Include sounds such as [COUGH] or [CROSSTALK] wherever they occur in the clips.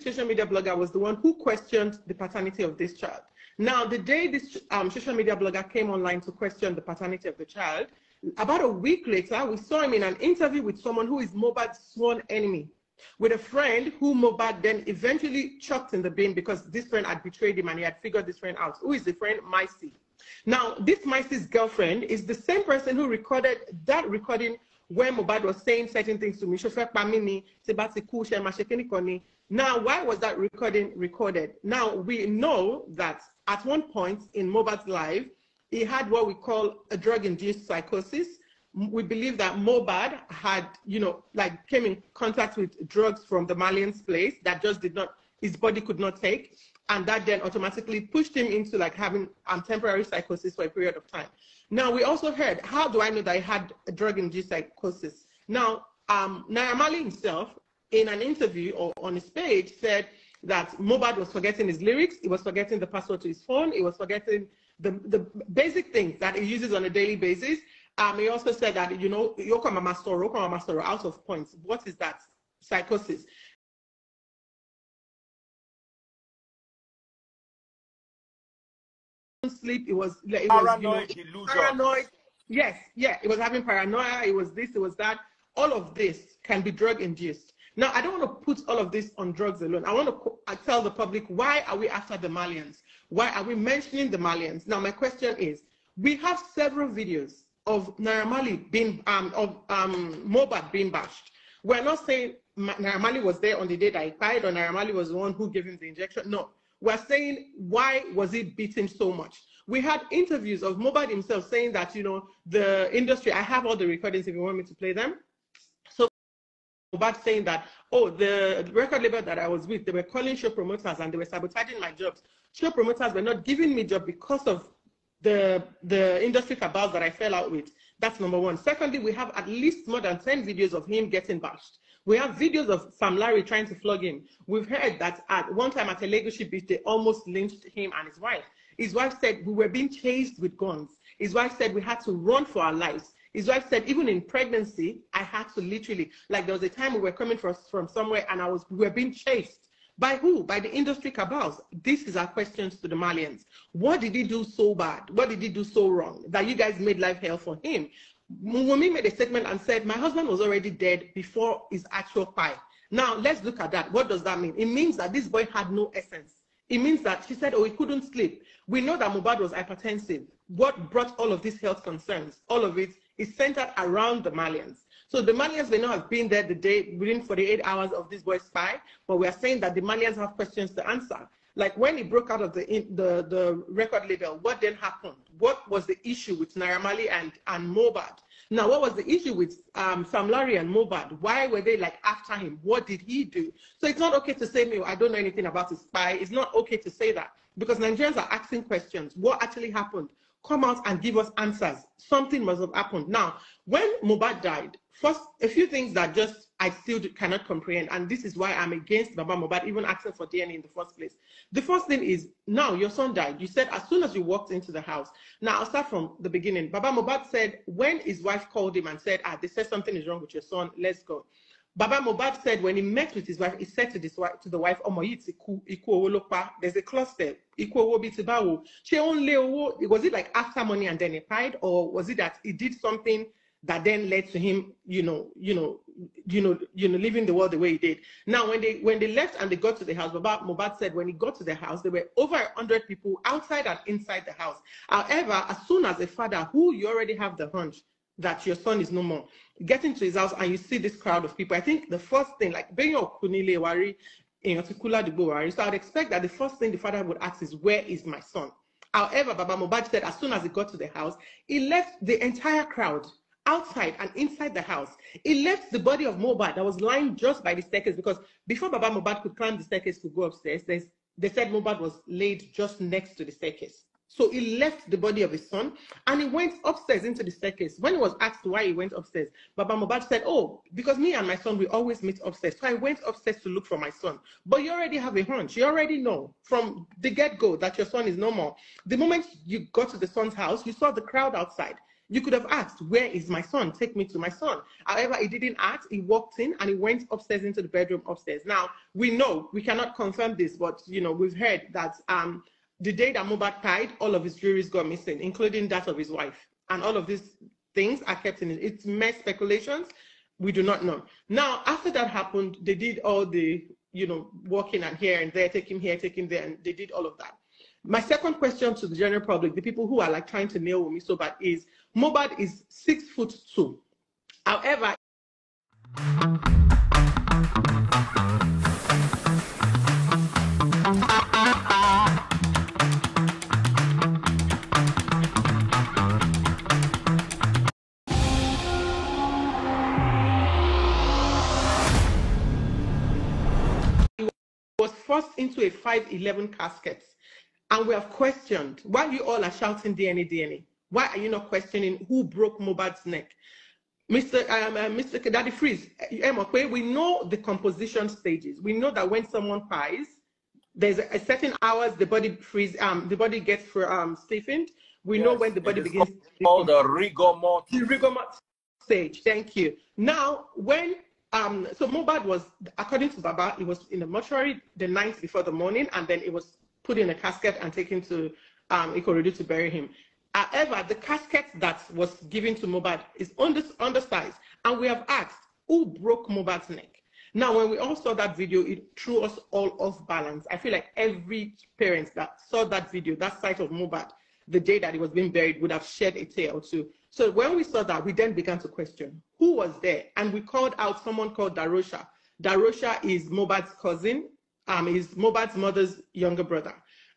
social media blogger was the one who questioned the paternity of this child. Now, the day this um, social media blogger came online to question the paternity of the child, about a week later, we saw him in an interview with someone who is Mobad's sworn enemy, with a friend who Mobad then eventually chucked in the bin because this friend had betrayed him and he had figured this friend out. Who is the friend? Micey. Now, this Micey's girlfriend is the same person who recorded that recording when Mobad was saying certain things to me, Now, why was that recording recorded? Now, we know that at one point in Mobad's life, he had what we call a drug-induced psychosis. We believe that Mobad had, you know, like came in contact with drugs from the Malian's place that just did not, his body could not take. And that then automatically pushed him into like having um, temporary psychosis for a period of time. Now, we also heard, how do I know that I had drug-induced psychosis? Now, um, Nayamali himself, in an interview or on his page, said that Mobad was forgetting his lyrics, he was forgetting the password to his phone, he was forgetting the, the basic things that he uses on a daily basis. Um, he also said that, you know, Yoko Soro, Yoko Soro, out of points. What is that? Psychosis. sleep. It was like, it paranoid, was, you know, paranoid. Yes, yeah, it was having paranoia. It was this. It was that. All of this can be drug induced. Now, I don't want to put all of this on drugs alone. I want to I tell the public why are we after the Malians? Why are we mentioning the Malians? Now, my question is: We have several videos of Naramali being um, of um, Mobad being bashed. We're not saying Naramali was there on the day that he died, or Naramali was the one who gave him the injection. No, we're saying, why was it beaten so much? We had interviews of mobile himself saying that, you know, the industry, I have all the recordings if you want me to play them. So Mobad saying that, oh, the record label that I was with, they were calling show promoters and they were sabotaging my jobs. Show promoters were not giving me job because of the the industry cabals that I fell out with. That's number one. Secondly, we have at least more than 10 videos of him getting bashed. We have videos of Sam Larry trying to flog him. We've heard that at one time at a legacy beach, they almost lynched him and his wife. His wife said, We were being chased with guns. His wife said, We had to run for our lives. His wife said, even in pregnancy, I had to literally, like there was a time we were coming from, from somewhere and I was, we were being chased. By who? By the industry cabals. This is our questions to the Malians. What did he do so bad? What did he do so wrong that you guys made life hell for him? Mumumi made a statement and said, my husband was already dead before his actual pie. Now, let's look at that. What does that mean? It means that this boy had no essence. It means that she said, oh, he couldn't sleep. We know that Mubad was hypertensive. What brought all of these health concerns, all of it, is centered around the Malians. So the Malians may not have been there the day within 48 hours of this boy's spy, but we are saying that the Malians have questions to answer. Like when he broke out of the, the, the record label, what then happened? What was the issue with Naramali and, and Mobad? Now, what was the issue with um, Sam Larry and Mobad? Why were they like after him? What did he do? So it's not okay to say, me. I don't know anything about a spy. It's not okay to say that because Nigerians are asking questions. What actually happened? come out and give us answers. Something must have happened. Now, when Mubad died, first, a few things that just I still cannot comprehend, and this is why I'm against Baba Mubad even asking for DNA in the first place. The first thing is now your son died. You said as soon as you walked into the house. Now, I'll start from the beginning. Baba Mubad said when his wife called him and said, Ah, they said something is wrong with your son, let's go. Baba Mobad said when he met with his wife, he said to this wife, to the wife, "Ọmọ yìí ti There's a cluster there. Ikú owó She only Was it like after money and then he died, or was it that he did something that then led to him, you know, you know, you know, you know, leaving the world the way he did? Now, when they when they left and they got to the house, Baba Mobad said when he got to the house, there were over hundred people outside and inside the house. However, as soon as a father who you already have the hunch that your son is no more. Getting to his house and you see this crowd of people, I think the first thing, like your Kunile Wari, in particular the Wari, so I'd expect that the first thing the father would ask is, Where is my son? However, Baba Mubad said as soon as he got to the house, he left the entire crowd outside and inside the house. He left the body of Mobad that was lying just by the staircase because before Baba Mobad could climb the staircase to go upstairs, they said Mobad was laid just next to the staircase. So he left the body of his son and he went upstairs into the staircase. When he was asked why he went upstairs, Baba Mubad said, Oh, because me and my son, we always meet upstairs. So I went upstairs to look for my son. But you already have a hunch. You already know from the get go that your son is no more. The moment you got to the son's house, you saw the crowd outside. You could have asked, Where is my son? Take me to my son. However, he didn't ask. He walked in and he went upstairs into the bedroom upstairs. Now, we know, we cannot confirm this, but, you know, we've heard that. Um, the day that Mubad died, all of his jewelry got missing, including that of his wife. And all of these things are kept in it. It's mere speculations. We do not know. Now, after that happened, they did all the, you know, walking and here and there, taking here, taking there, and they did all of that. My second question to the general public, the people who are like trying to nail me so bad, is Mubad is six foot two. However, tossed into a 511 casket. And we have questioned why you all are shouting DNA, DNA. Why are you not questioning who broke Mobad's neck? Mr. Um, uh, Mr. Daddy Freeze, eh, we know the composition stages. We know that when someone dies, there's a, a, certain hours the body freeze, um, the body gets for, um, stiffened. We yes, know when the body begins. Called the rigor mortis. The rigor mortis stage. Thank you. Now, when um, so Mobad was, according to Baba, he was in the mortuary the night before the morning, and then it was put in a casket and taken to um, Ikorodu to bury him. However, the casket that was given to Mobad is under, undersized, and we have asked who broke Mobad's neck. Now, when we all saw that video, it threw us all off balance. I feel like every parent that saw that video, that sight of Mobad, the day that he was being buried, would have shed a tear or two. So when we saw that, we then began to question who was there, and we called out someone called Darosha. Darosha is Mobat's cousin, um, is Mobat's mother's younger brother,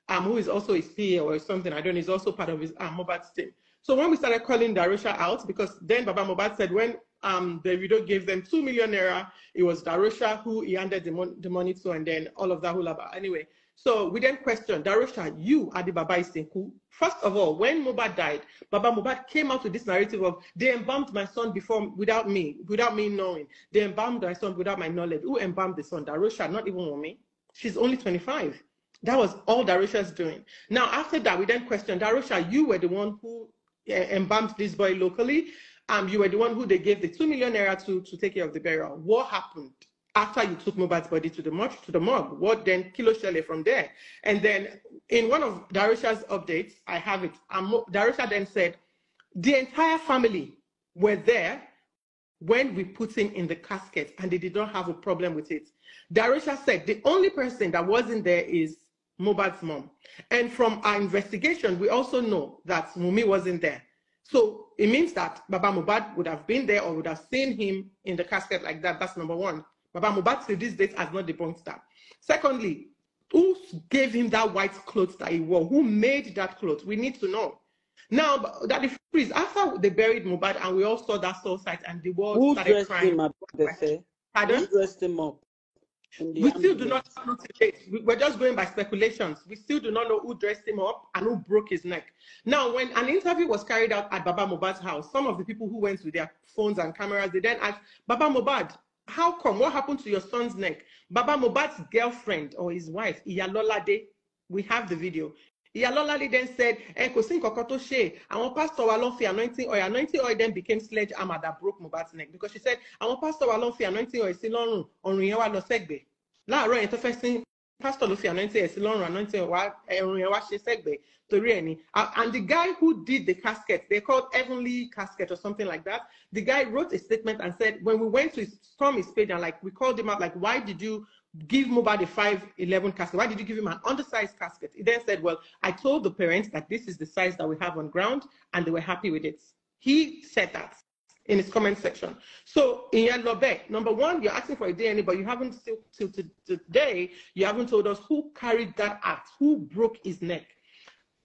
um, who is also his PA or something. I don't know. He's also part of his um, Mobat's team. So when we started calling Darosha out, because then Baba Mobat said when um, the widow gave them two million naira, it was Darosha who he handed the, mon- the money to, and then all of that hula. Anyway, so we then questioned Darusha, you are the Baba Isinku. First of all, when Mubad died, Baba Mubad came out with this narrative of they embalmed my son before without me, without me knowing. They embalmed my son without my knowledge. Who embalmed the son? Darusha, not even me. She's only 25. That was all Darusha's doing. Now, after that, we then questioned Darusha, you were the one who eh, embalmed this boy locally. Um, you were the one who they gave the two million naira to to take care of the burial. What happened? after you took Mubad's body to the morgue, to the morgue, what then Kilo Shelley from there? And then in one of Darusha's updates, I have it. Um, Darusha then said, the entire family were there when we put him in the casket and they did not have a problem with it. Darusha said the only person that wasn't there is Mubad's mom. And from our investigation, we also know that Mumi wasn't there. So it means that Baba Mubad would have been there or would have seen him in the casket like that. That's number one. Baba Mubat said this date has not the point star. Secondly, who gave him that white cloth that he wore? Who made that cloth? We need to know. Now that the freeze after they buried Mubat and we all saw that soul site and the world Who started crying. Him up, Who dressed him up? We ambulance. still do not know We're just going by speculations. We still do not know who dressed him up and who broke his neck. Now, when an interview was carried out at Baba Mubad's house, some of the people who went with their phones and cameras, they then asked, Baba Mubad, how come? What happened to your son's neck? Baba Mubat's girlfriend or his wife, Iyalolade, we have the video. Iyalolade then said, Enkosin Kokoto She, I'm àwọn pastor wa ló fi anointing oil. Anointing oil then became sledgehammer that broke Mubat's neck because she said, "I'm àwọn pastor wa ló fi anointing oil sí lọ́rùn, ọ̀rùn yẹn wá lọ sẹ́gbẹ̀ẹ́. Láàárọ̀ yẹn tó pastor ló fi anointing ẹ̀ lọ́rùn anointing wá ẹ̀rùn ẹ̀ wá ṣe torí ẹ̀ ni and the guy who did the casket they called heavenly casket or something like that the guy wrote a statement and said when we went to storm his page and like we called him out like why did you give Mobile the 511 casket. Why did you give him an undersized casket? He then said, Well, I told the parents that this is the size that we have on ground, and they were happy with it. He said that in his comment section. So your Lobe, number one, you're asking for a DNA, but you haven't still till today, you haven't told us who carried that act, who broke his neck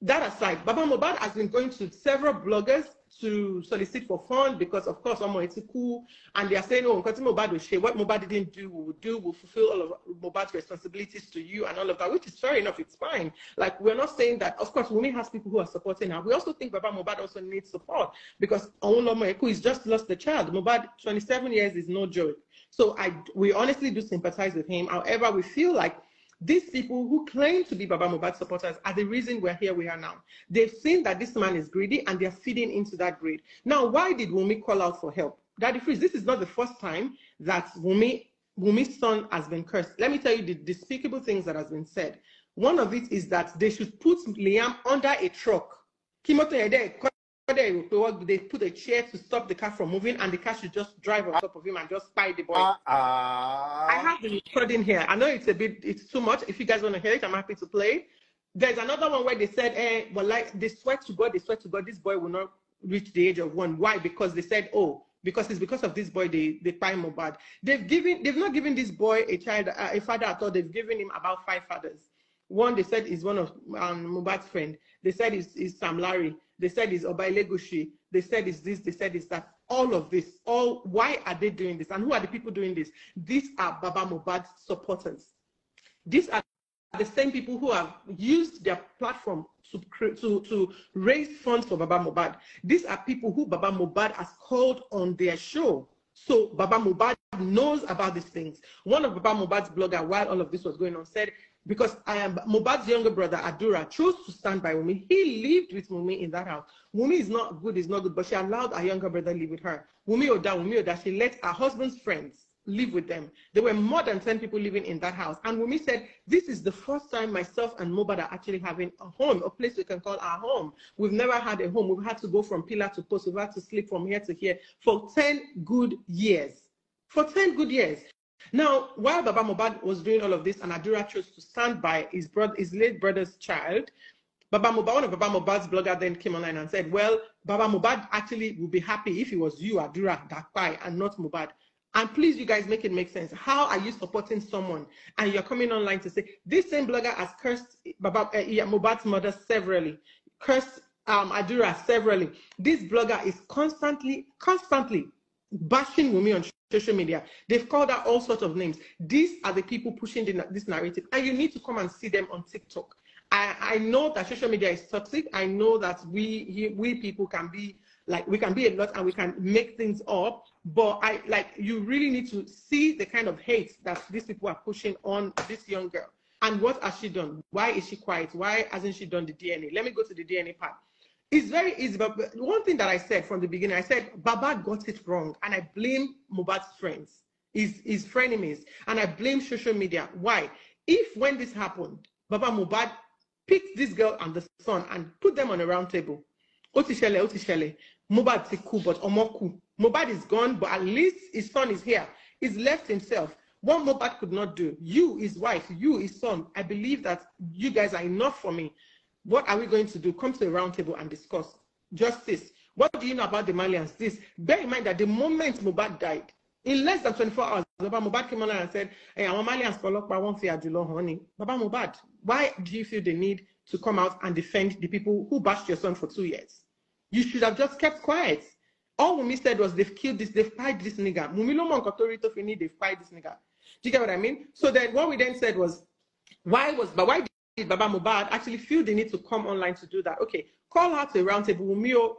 that aside, Baba Mobad has been going to several bloggers to solicit for funds because, of course, Omo it's cool, and they are saying, "Oh, Nkoti Mobad will share what Mobad didn't do. We will do. We'll fulfill all of Mobad's responsibilities to you and all of that." Which is fair enough. It's fine. Like we're not saying that. Of course, Wumi has people who are supporting her. We also think Baba Mobad also needs support because Omo Eku has just lost the child. Mobad, 27 years is no joke. So I, we honestly do sympathize with him. However, we feel like these people who claim to be Baba Mubad supporters are the reason we're here we are now. They've seen that this man is greedy and they're feeding into that greed. Now, why did Wumi call out for help? Daddy Freeze, this is not the first time that Wumi, Wumi's son has been cursed. Let me tell you the despicable things that has been said. One of it is that they should put Liam under a truck they, they put a chair to stop the car from moving, and the car should just drive on top of him and just spy the boy. Uh, uh, I have the recording here. I know it's a bit, it's too much. If you guys want to hear it, I'm happy to play. There's another one where they said, eh, but like they swear to God, they swear to God, this boy will not reach the age of one. Why? Because they said, oh, because it's because of this boy they they find bad.' They've given, they've not given this boy a child, uh, a father at all. They've given him about five fathers. One they said is one of um, Mubat's friend. They said is is Sam Larry. They said is Obailegushi. They said is this. They said is that. All of this. All why are they doing this? And who are the people doing this? These are Baba Mubat supporters. These are the same people who have used their platform to, to, to raise funds for Baba Mubad. These are people who Baba Mubad has called on their show. So Baba Mubad knows about these things. One of Baba Mubad's blogger, while all of this was going on, said because I am Mubad's younger brother, Adura, chose to stand by Wumi. He lived with Wumi in that house. Wumi is not good, is not good, but she allowed her younger brother live with her. Wumi Oda, Wumi Oda, she let her husband's friends live with them. There were more than 10 people living in that house. And Wumi said, this is the first time myself and Mubad are actually having a home, a place we can call our home. We've never had a home. We've had to go from pillar to post. We've had to sleep from here to here for 10 good years. For 10 good years. Now, while Baba Mubad was doing all of this and Adura chose to stand by his, brother, his late brother's child, Baba Mubad, one of Baba Mubad's blogger then came online and said, well, Baba Mubad actually would be happy if it was you, Adura, Dakpai, and not Mubad. And please, you guys, make it make sense. How are you supporting someone and you're coming online to say, this same blogger has cursed Baba, uh, eh, Mubad's mother severally, cursed um, Adura severally. This blogger is constantly, constantly bashing Wumi on social media. They've called her all sorts of names. These are the people pushing the, this narrative, and you need to come and see them on TikTok. I, I know that social media is toxic. I know that we we people can be like we can be a lot and we can make things up. But I like you really need to see the kind of hate that these people are pushing on this young girl. And what has she done? Why is she quiet? Why hasn't she done the DNA? Let me go to the DNA part. It's very easy, but one thing that I said from the beginning, I said Baba got it wrong, and I blame Mubad's friends, his, his frenemies, and I blame social media. Why? If when this happened, Baba Mubad picked this girl and the son and put them on a round table. Otishele, Otishele, Mubat is cool, but Omoku. Mubat is gone, but at least his son is here. He's left himself. What Mubad could not do, you, his wife, you, his son, I believe that you guys are enough for me. What are we going to do? Come to the roundtable and discuss justice. What do you know about the Malians? This. Bear in mind that the moment Mubad died, in less than 24 hours, Baba Mubad came on and said, Hey, I'm a Malian scholar, but I won't say Ajulo, honey. Baba Mubad, why do you feel the need to come out and defend the people who bashed your son for two years? You should have just kept quiet. All Mumi said was, They've killed this, they've fired this nigga. Mumilo Monkotori Fini. they've fired this nigga. Do you get what I mean? So then what we then said was, why was but why Baba Mubad actually feel the need to come online to do that. Okay, call out to roundtable. Mio,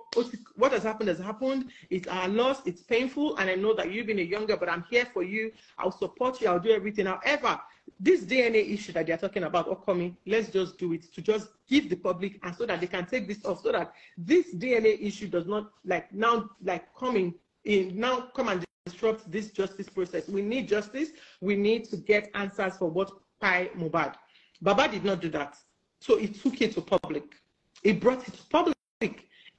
what has happened has happened. It's our loss. It's painful. And I know that you've been a younger, but I'm here for you. I'll support you. I'll do everything. However, this DNA issue that they're talking about, Okomi, let's just do it to just give the public and so that they can take this off so that this DNA issue does not like now, like coming in now come and disrupt this justice process. We need justice. We need to get answers for what Pai Mubad. Baba did not do that. So he took it to public. He brought it to public.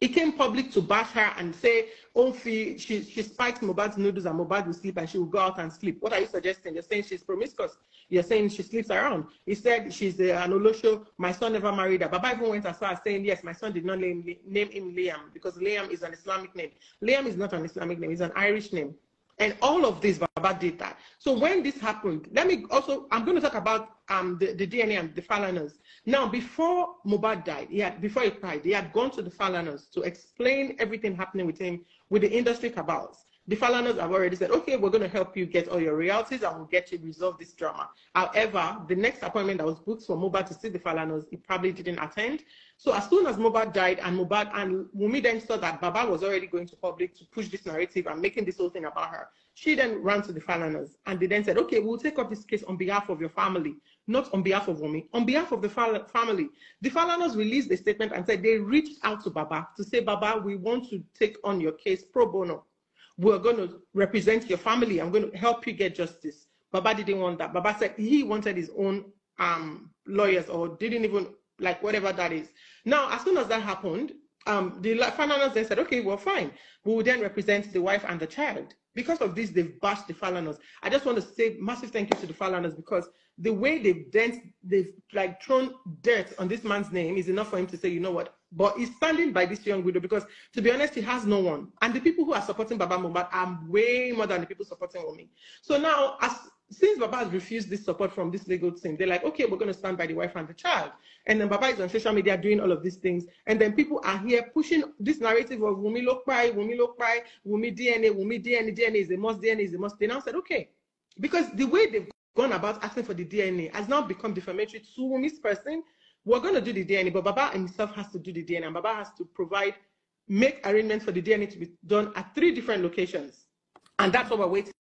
He came public to bash her and say, oh, she, she, spiked spikes Mobad's noodles and Mobad will sleep and she will go out and sleep. What are you suggesting? You're saying she's promiscuous. You're saying she sleeps around. He said she's uh, an Olosho. My son never married her. Baba even went as far as saying, yes, my son did not name, name him Liam because Liam is an Islamic name. Liam is not an Islamic name. It's an Irish name. And all of this, Baba did that. So when this happened, let me also, I'm going to talk about um, the, the, DNA and the Falanas. Now, before Mubad died, he had, before he died, he had gone to the Falanas to explain everything happening with him with the industry cabals. The Falanas have already said, okay, we're going to help you get all your royalties and we'll get you resolve this drama. However, the next appointment that was booked for Mubad to see the Falanas, he probably didn't attend. So as soon as Mubad died and Mubad and Mumi then saw that Baba was already going to public to push this narrative and making this whole thing about her, she then ran to the Falanas and they then said, okay, we'll take up this case on behalf of your family not on behalf of Wumi, on behalf of the family. The Falanas released a statement and said they reached out to Baba to say, Baba, we want to take on your case pro bono. We're going to represent your family. I'm going to help you get justice. Baba didn't want that. Baba said he wanted his own um, lawyers or didn't even like whatever that is. Now, as soon as that happened, um, the Falanas then said, okay, well, fine. We will then represent the wife and the child. Because of this, they've bashed the Falanas. I just want to say massive thank you to the Falanas because the way they've danced, they've like thrown dirt on this man's name is enough for him to say, you know what? But he's standing by this young widow because, to be honest, he has no one. And the people who are supporting Baba are way more than the people supporting Omi. So now, as since Baba has refused this support from this legal team, they're like, okay, we're going to stand by the wife and the child. And then Baba is on social media doing all of these things. And then people are here pushing this narrative of Wumi Lokpai, Wumi Lokpai, Wumi DNA, Wumi DNA, DNA is the most, DNA is the most. They now said, okay, because the way they've gone about asking for the DNA has now become defamatory to Wumi's person. We're going to do the DNA, but Baba himself has to do the DNA, and Baba has to provide, make arrangements for the DNA to be done at three different locations. And that's what we're waiting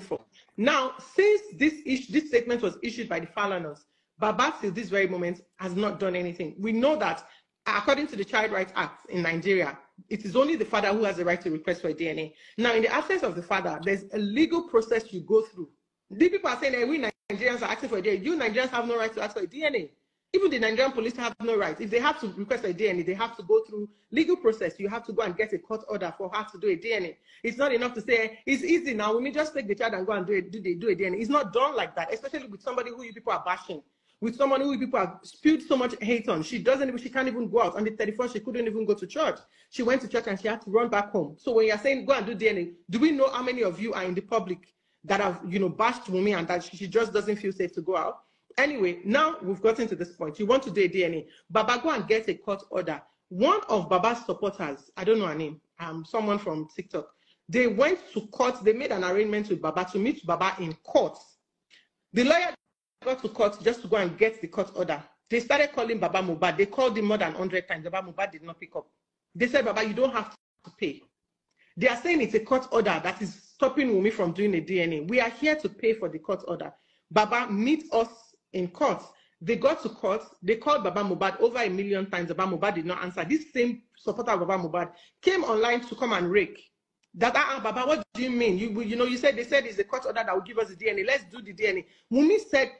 for. Now, since this issue, this statement was issued by the Falanos, Baba this very moment has not done anything. We know that according to the Child Rights Act in Nigeria, it is only the father who has the right to request for DNA. Now, in the absence of the father, there's a legal process you go through. people are saying that we Nigerians are asking for DNA. You Nigerians have no right to ask for DNA even the Nigerian police have no right. If they have to request a DNA, they have to go through legal process. You have to go and get a court order for her to do a DNA. It's not enough to say it's easy now. We may just take the child and go and do a, do, do a DNA. It's not done like that, especially with somebody who you people are bashing, with someone who people have spewed so much hate on. She doesn't. She can't even go out. On the 31st, she couldn't even go to church. She went to church and she had to run back home. So when you're saying go and do DNA, do we know how many of you are in the public that have you know bashed women and that she just doesn't feel safe to go out? Anyway, now we've gotten to this point. You want to do a DNA. Baba, go and get a court order. One of Baba's supporters, I don't know her name, um, someone from TikTok, they went to court. They made an arrangement with Baba to meet Baba in court. The lawyer got to court just to go and get the court order. They started calling Baba Mubad. They called him more than 100 times. Baba Mubad did not pick up. They said, Baba, you don't have to pay. They are saying it's a court order that is stopping Wumi from doing a DNA. We are here to pay for the court order. Baba, meet us in court. They got to court, they called Baba Mubad over a million times. Baba Mubad did not answer. This same supporter of Baba Mubad came online to come and rake. That, ah, ah, Baba, what do you mean? You, you know, you said they said it's a court order that will give us the DNA. Let's do the DNA. Mumi said,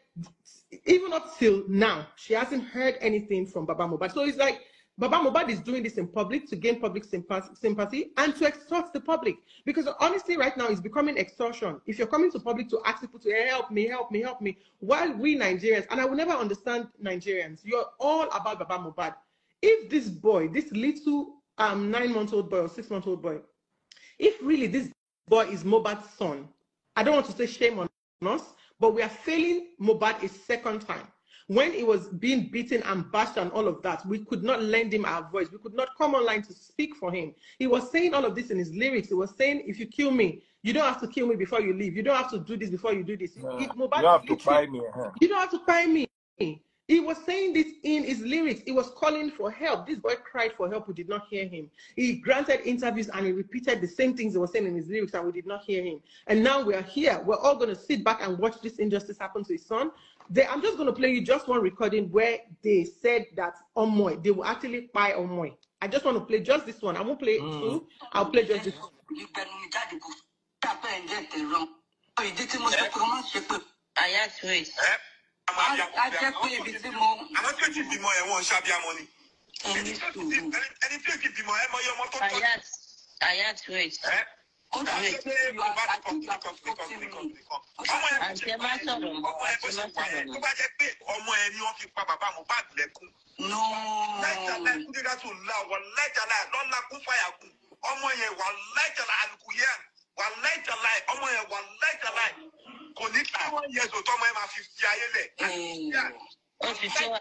even up till now, she hasn't heard anything from Baba Mubad. So it's like, Baba Mobad is doing this in public to gain public sympathy and to extort the public. Because honestly, right now, it's becoming extortion. If you're coming to public to ask people to help me, help me, help me, while we Nigerians, and I will never understand Nigerians, you're all about Baba Mobad. If this boy, this little um, nine-month-old boy or six-month-old boy, if really this boy is Mobad's son, I don't want to say shame on us, but we are failing Mobad a second time when he was being beaten and bashed and all of that, we could not lend him our voice. We could not come online to speak for him. He was saying all of this in his lyrics. He was saying, if you kill me, you don't have to kill me before you leave. You don't have to do this before you do this. No, it, Mubarak, you don't have to buy me. Huh? You don't have to buy me. He was saying this in his lyrics. He was calling for help. This boy cried for help. We did not hear him. He granted interviews and he repeated the same things he was saying in his lyrics, and we did not hear him. And now we are here. We're all going to sit back and watch this injustice happen to his son. They, I'm just going to play you just one recording where they said that Omoy, they will actually buy Omoy. I just want to play just this one. I won't play mm. two. I'll play just this one. I asked wait. ajẹ́ pé tó wait. ọmọ ẹ ni wọ́n fi pa bàbá mo bá lẹ́kùn. lẹ́jà lẹ́kùn dídá tó la wà kún fàyà kù ọmọ yẹn wà lẹ́jà láì wà lẹ́jà ọmọ yẹn wà lẹ́jà kò ní kí wọ́n yẹ sòtọ́ ọmọ yẹn máa fi fi ayé lẹ̀. Eh.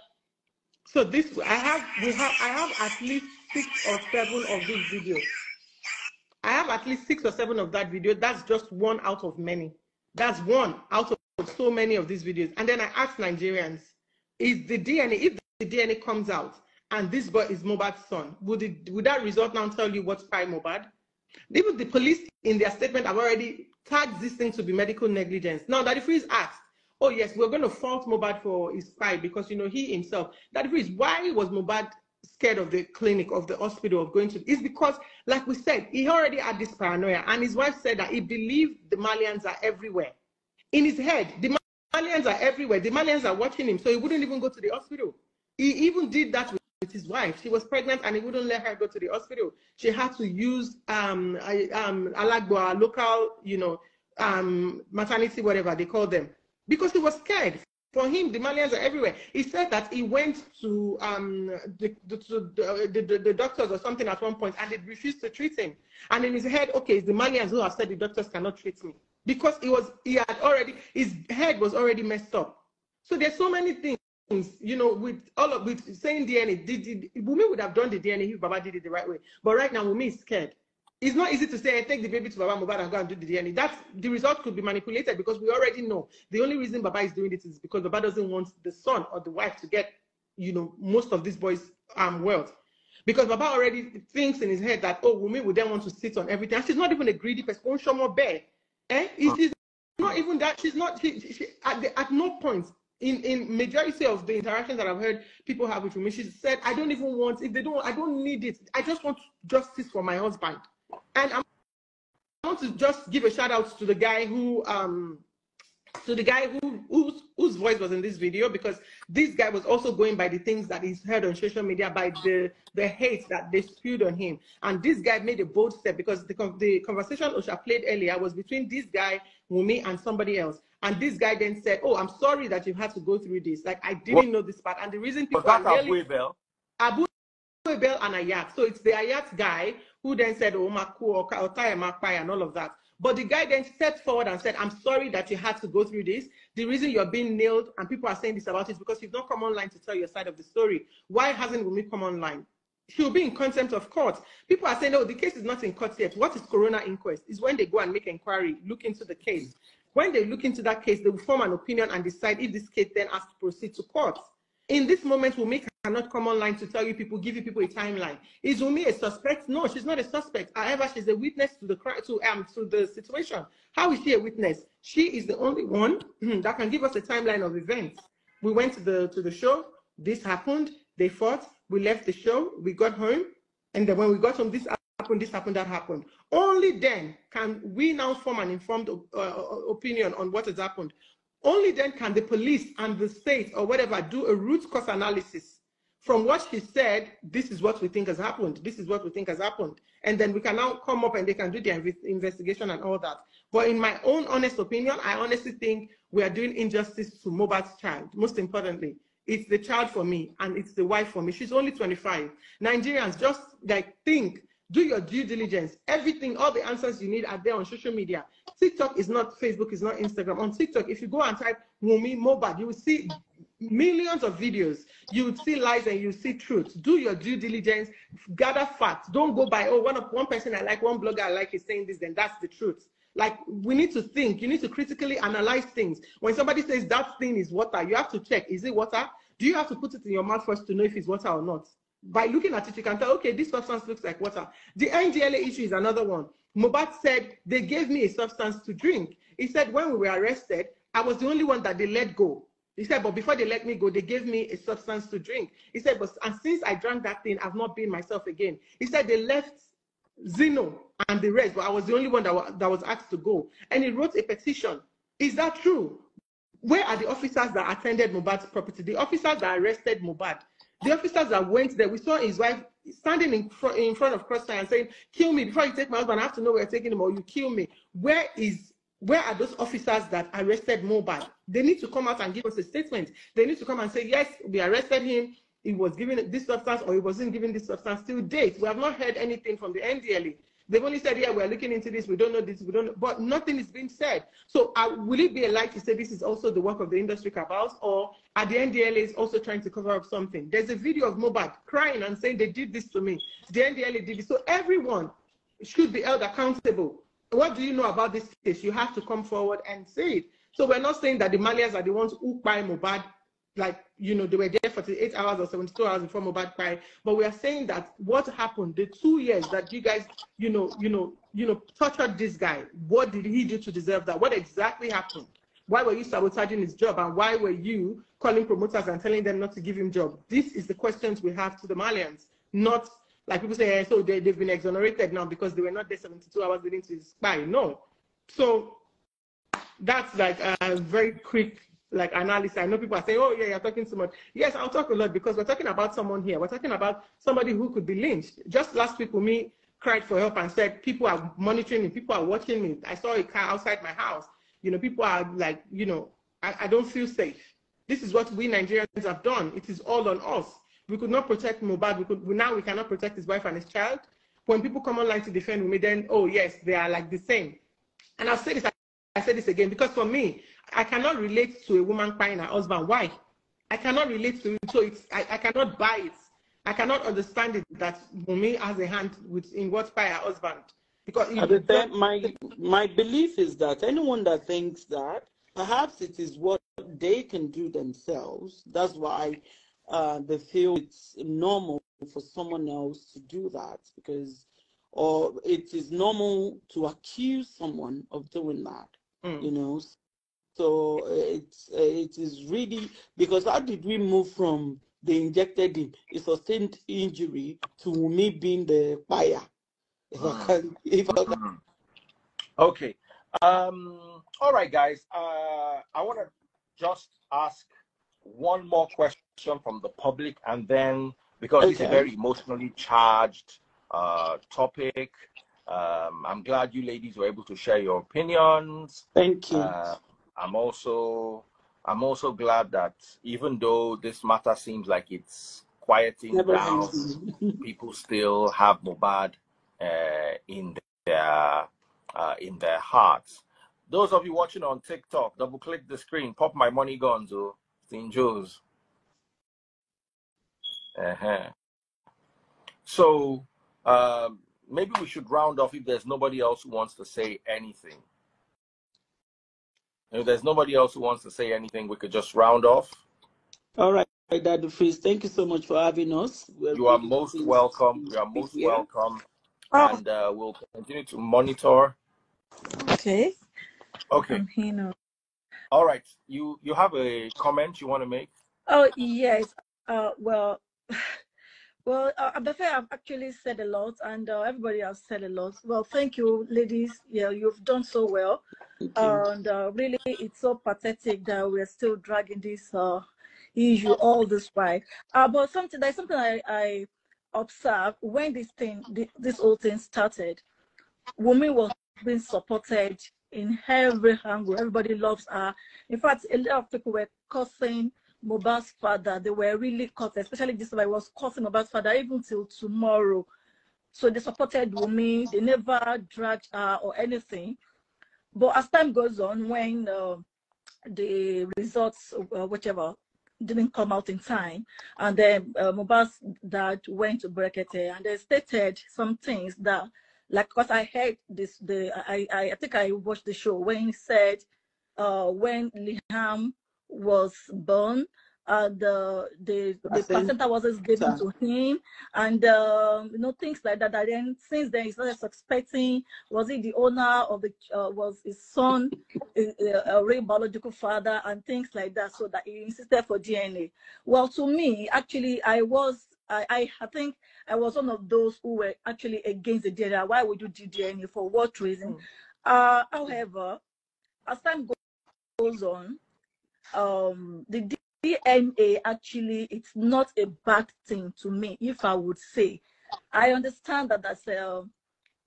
So this I have we have I have at least six or seven of these videos. I have at least six or seven of that video. That's just one out of many. That's one out of so many of these videos. And then I asked Nigerians, is the DNA, if the DNA comes out and this boy is Mobad's son, would, it, would that result now tell you what's prime Mobad? Even the police in their statement have already tagged this thing to be medical negligence. Now, that if he's asked, oh yes, we're going to fault Mobad for his spy because, you know, he himself, that if he's, why was Mobad scared of the clinic, of the hospital, of going to, is because, like we said, he already had this paranoia. And his wife said that he believed the Malians are everywhere. In his head, the Malians are everywhere. The Malians are watching him, so he wouldn't even go to the hospital. He even did that with, with his wife. She was pregnant and he wouldn't let her go to the hospital. She had to use um, um, Alagboa, local, you know, um, maternity, whatever they call them, because he was scared for him, the Malians are everywhere. He said that he went to um, the, the, to the, the, the, doctors or something at one point and they refused to treat him. And in his head, okay, it's the Malians who have said the doctors cannot treat me. Because he was he had already his head was already messed up. So there's so many things, you know, with all of with saying DNA, did, did would have done the DNA if Baba did it the right way. But right now Wumi is scared it's not easy to say, take the baby to Baba Mubarak and go and do the DNA. That's, the result could be manipulated because we already know the only reason Baba is doing it is because Baba doesn't want the son or the wife to get, you know, most of these boys' um, wealth. Because Baba already thinks in his head that, oh, Wumi would then want to sit on everything. And she's not even a greedy person. Onshoma Bear. Eh? She's ah. not even that. She's not, she, she, at, the, at no point in in majority of the interactions that I've heard people have with me, she said, I don't even want if they don't I don't need it. I just want justice for my husband. And I'm, i want to just give a shout out to the guy who um, to the guy who whose, whose voice was in this video because this guy was also going by the things that he's heard on social media by the the hate that they spewed on him and this guy made a bold step because the, the conversation osha played earlier was between this guy Mumi and somebody else and this guy then said oh i'm sorry that you had to go through this like i didn't what? know this part and the reason people was that are really, Abu Abel and Ayat. So it's the Ayat guy who then said, Oh, Maku, Otai, Mapai, and all of that. But the guy then stepped forward and said, I'm sorry that you had to go through this. The reason you're being nailed and people are saying this about it is because you've not come online to tell your side of the story. Why hasn't Wumi come online? She'll be in contempt of court. People are saying, oh, the case is not in court yet. What is coroner inquest? Is when they go and make inquiry, look into the case. When they look into that case, they will form an opinion and decide if this case then has to proceed to court. In this moment, Wumi cannot come online to tell you people, give you people a timeline. Is Wumi a suspect? No, she's not a suspect. However, she's a witness to the to um to the situation. How is she a witness? She is the only one [CLEARS THROAT] that can give us a timeline of events. We went to the to the show. This happened. They fought. We left the show. We got home, and then when we got home, this happened. This happened. That happened. Only then can we now form an informed uh, uh opinion on what has happened. Only then can the police and the state or whatever do a root cause analysis. From what she said, this is what we think has happened. This is what we think has happened. And then we can now come up and they can do their investigation and all that. But in my own honest opinion, I honestly think we are doing injustice to Mobat's child, most importantly it's the child for me and it's the wife for me. She's only 25. Nigerians just like think do your due diligence. Everything, all the answers you need are there on social media. TikTok is not Facebook, is not Instagram. On TikTok, if you go and type Wumi Mobad, you will see millions of videos. You would see lies and you see truth. Do your due diligence, gather facts. Don't go by, oh, one of one person I like, one blogger I like is saying this, then that's the truth. Like we need to think, you need to critically analyze things. When somebody says that thing is water, you have to check, is it water? Do you have to put it in your mouth first to know if it's water or not? by looking at it, you can tell, okay, this substance looks like water. The NGLA issue is another one. Mobat said, they gave me a substance to drink. He said, when we were arrested, I was the only one that they let go. He said, but before they let me go, they gave me a substance to drink. He said, but and since I drank that thing, I've not been myself again. He said, they left Zeno and the rest, but I was the only one that, was, that was asked to go. And he wrote a petition. Is that true? Where are the officers that attended Mubad's property? The officers that arrested Mubad, the officers that went there, we saw his wife standing in, fr- in front of crossfire and saying, "Kill me before you take my husband. I have to know where you're taking him, or you kill me." Where is where are those officers that arrested Mobile? They need to come out and give us a statement. They need to come and say, "Yes, we arrested him. He was given this substance, or he wasn't given this substance." Till date, we have not heard anything from the NDLA. They've only said, yeah, we're looking into this. We don't know this. We don't know. But nothing is being said. So uh, will it be a lie to say this is also the work of the industry cabals or are the is also trying to cover up something? There's a video of Mobad crying and saying they did this to me. The NDLA did it. So everyone should be held accountable. What do you know about this case? You have to come forward and say it. So we're not saying that the Malians are the ones who buy Mobad like you know they were there 48 hours or 72 hours before Mobad cry But we are saying that what happened the two years that you guys you know you know you know tortured this guy. What did he do to deserve that? What exactly happened? Why were you sabotaging his job and why were you calling promoters and telling them not to give him job? This is the questions we have to the Malians, not like people say, eh, so they, they've been exonerated now because they were not there 72 hours leading to his spy. No. So that's like a very quick like analysis. I know people are saying, oh, yeah, you're talking too much. Yes, I'll talk a lot because we're talking about someone here. We're talking about somebody who could be lynched. Just last week, me cried for help and said, people are monitoring me, people are watching me. I saw a car outside my house. You know, people are like, you know, I, I don't feel safe. This is what we Nigerians have done. It is all on us. We could not protect Mubad. We could, now we cannot protect his wife and his child. When people come online to defend women, then, oh, yes, they are like the same. And I'll say this, I say this again, because for me, I cannot relate to a woman crying her husband. Why? I cannot relate to it. So it's I, I cannot buy it. I cannot understand it that Mumi has a hand with in what by her husband. Because my my belief is that anyone that thinks that perhaps it is what they can do themselves. That's why uh, they feel it's normal for someone else to do that because or it is normal to accuse someone of doing that. Mm. You know, so eh, it's eh, it is really because how did we move from the injected a sustained injury to me being the buyer? If I hmm. can, if I can. Hmm. Okay. Um, all right, guys. Uh, I want to just ask one more question from the public, and then because okay. it's a very emotionally charged uh, topic, um, I'm glad you ladies were able to share your opinions. Thank you. Uh, I'm also I'm also glad that even though this matter seems like it's quieting Never down, [LAUGHS] people still have Mubad uh, in their uh, in their hearts. Those of you watching on TikTok, double click the screen, pop my money gonzo, oh. St. Joe's. Uh-huh. So um, maybe we should round off if there's nobody else who wants to say anything if there's nobody else who wants to say anything, we could just round off. All right, Dad Freeze, thank you so much for having us. We're you are most welcome. You are most here. welcome. Oh. And uh, we'll continue to monitor. Okay. Okay. All right. You you have a comment you want to make? Oh yes. Uh, well. Well, uh, Befe, I've actually said a lot, and uh, everybody has said a lot. Well, thank you, ladies. Yeah, you've done so well. And uh, really, it's so pathetic that we're still dragging this uh, issue all this way. Uh, but something there's something I, I observed when this thing, this whole thing started. Women were being supported in every angle. Everybody loves her. In fact, a lot of people were cursing Moba's father. They were really cut, especially this I was cutting Moba's father even till tomorrow. So they supported me; They never dragged her or anything. But as time goes on, when uh, the results, uh, whichever, didn't come out in time, and then uh, dad went to Brekete and they stated some things that, like, because I heard this, the I, I, I think I watched the show when he said, uh, when Liham was born. Uh, the the, the placenta was given to him, and um, you know things like that. And then since then, he started suspecting was he the owner of the uh, was his son, a, real biological father, and things like that. So that he insisted for DNA. Well, to me, actually, I was I, I, I think I was one of those who were actually against the DNA. Why would you do DNA for what reason? Mm. Uh, however, as time goes on, um, the DNA actually it's not a bad thing to me. If I would say, I understand that that's a um,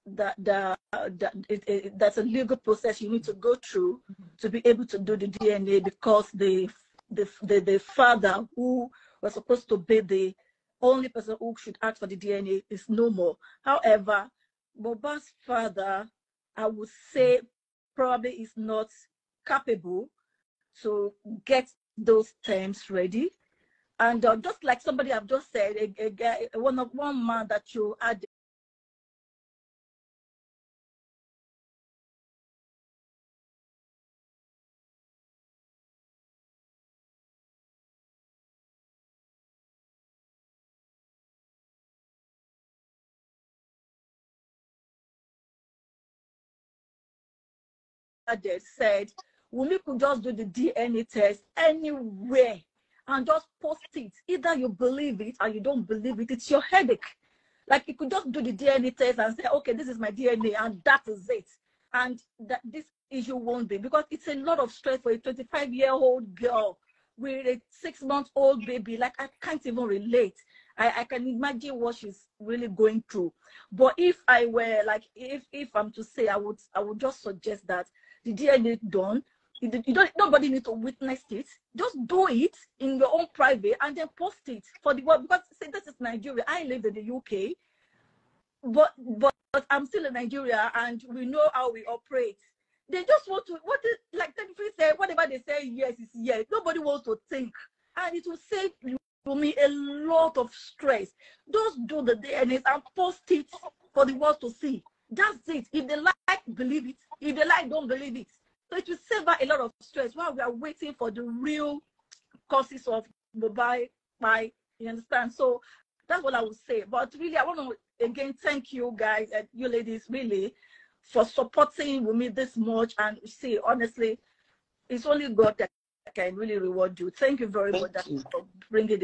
that that, that it, it, that's a legal process you need to go through to be able to do the DNA because the the, the the father who was supposed to be the only person who should ask for the DNA is no more. However, Boba's father, I would say, probably is not capable to get those terms ready. And uh, just like somebody I've just said, a, a guy, one of one man that you had said Wumi could just do the DNA test anywhere and just post it. Either you believe it or you don't believe it. It's your headache. Like you could just do the DNA test and say, okay, this is my DNA, and that is it. And that this issue won't be because it's a lot of stress for a 25 year old girl with a six month old baby. Like I can't even relate. I, I can imagine what she's really going through. But if I were like if if I'm to say I would I would just suggest that the DNA done, you, don't. Nobody need to witness it. Just do it in your own private and then post it for the world. Because say this is Nigeria. I live in the UK, but but, but I'm still in Nigeria, and we know how we operate. They just want to what is like Tenfree say Whatever they say, yes, is yes. Nobody wants to think, and it will save you me a lot of stress. Just do the DNS and post it for the world to see. That's it. If they like, believe it. If they like, don't believe it. So it will save her a lot of stress while we are waiting for the real causes of mobile by you understand. So that's what I would say. But really, I want to again thank you guys and eh, you ladies really for supporting me this much. And see, honestly, it's only God that can really reward you. Thank you very thank much you. for bringing.